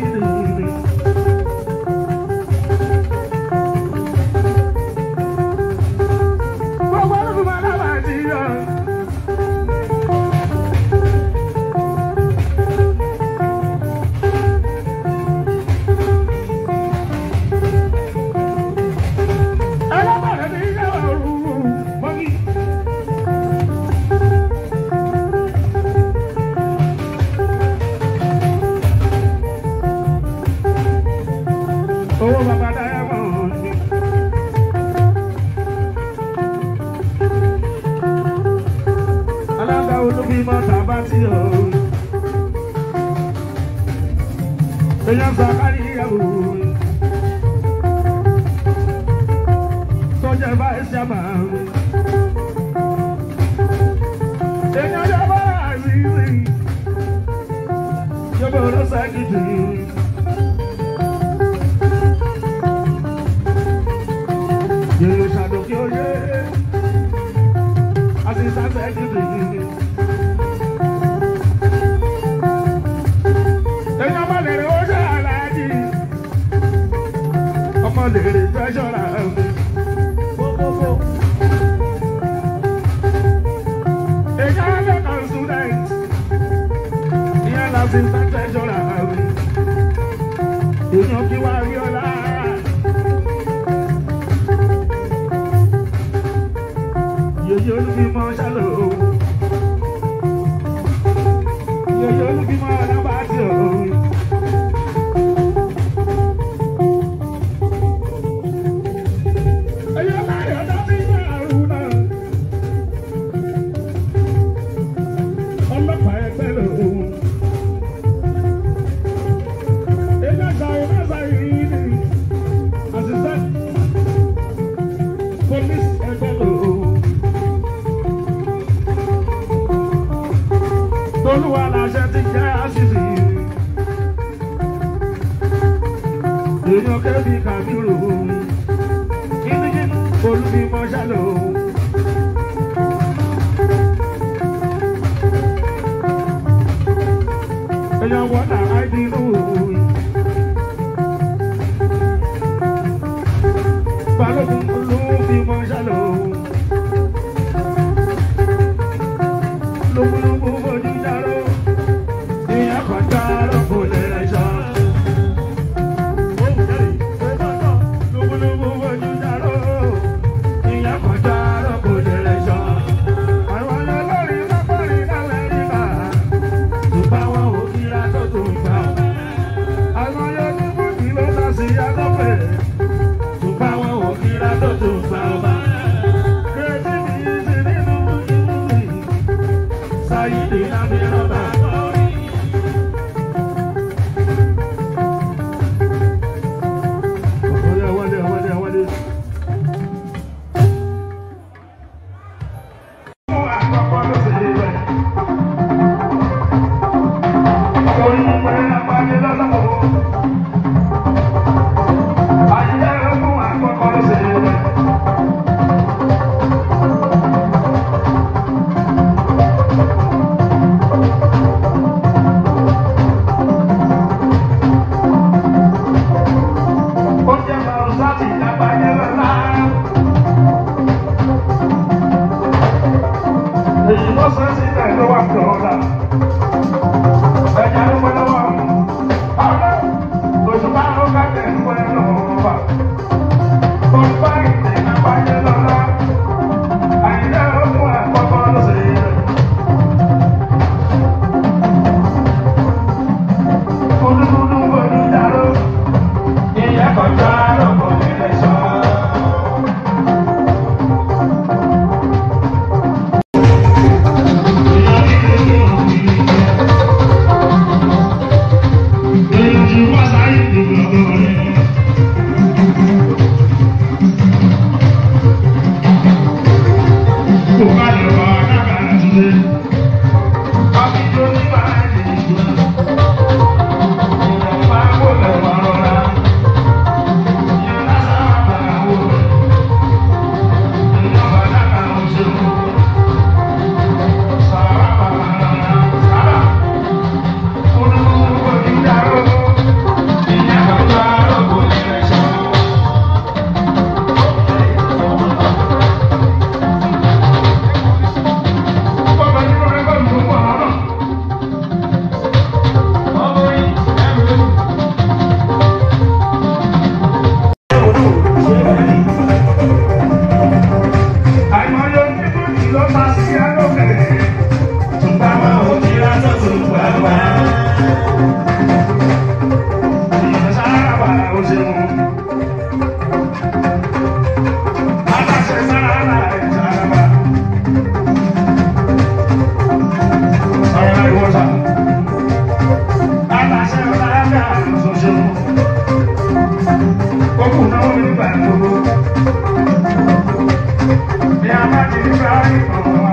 you. sabati o èèyàn sàkárí ìyàwó tó jẹ báyìí sábà èèyàn jẹ báyìí rí yọbọ ọlọsà gidi. Yellow lèrè fẹ́ ṣọ́ra ẹ̀. ti ń tẹ́tẹ́ jọra àwìn. Èèyàn kí wá rí ọlá. Yèyé olúbímọ ṣálò. Yèyé olúbímọ ọlọ́pàá ti ọ̀rọ̀. èèyàn kẹ́bí kàdúrò òun kínníkínní olùbímọ ṣálò òun. wọ́n náà áìdí inú. I Christ in America. Thank you.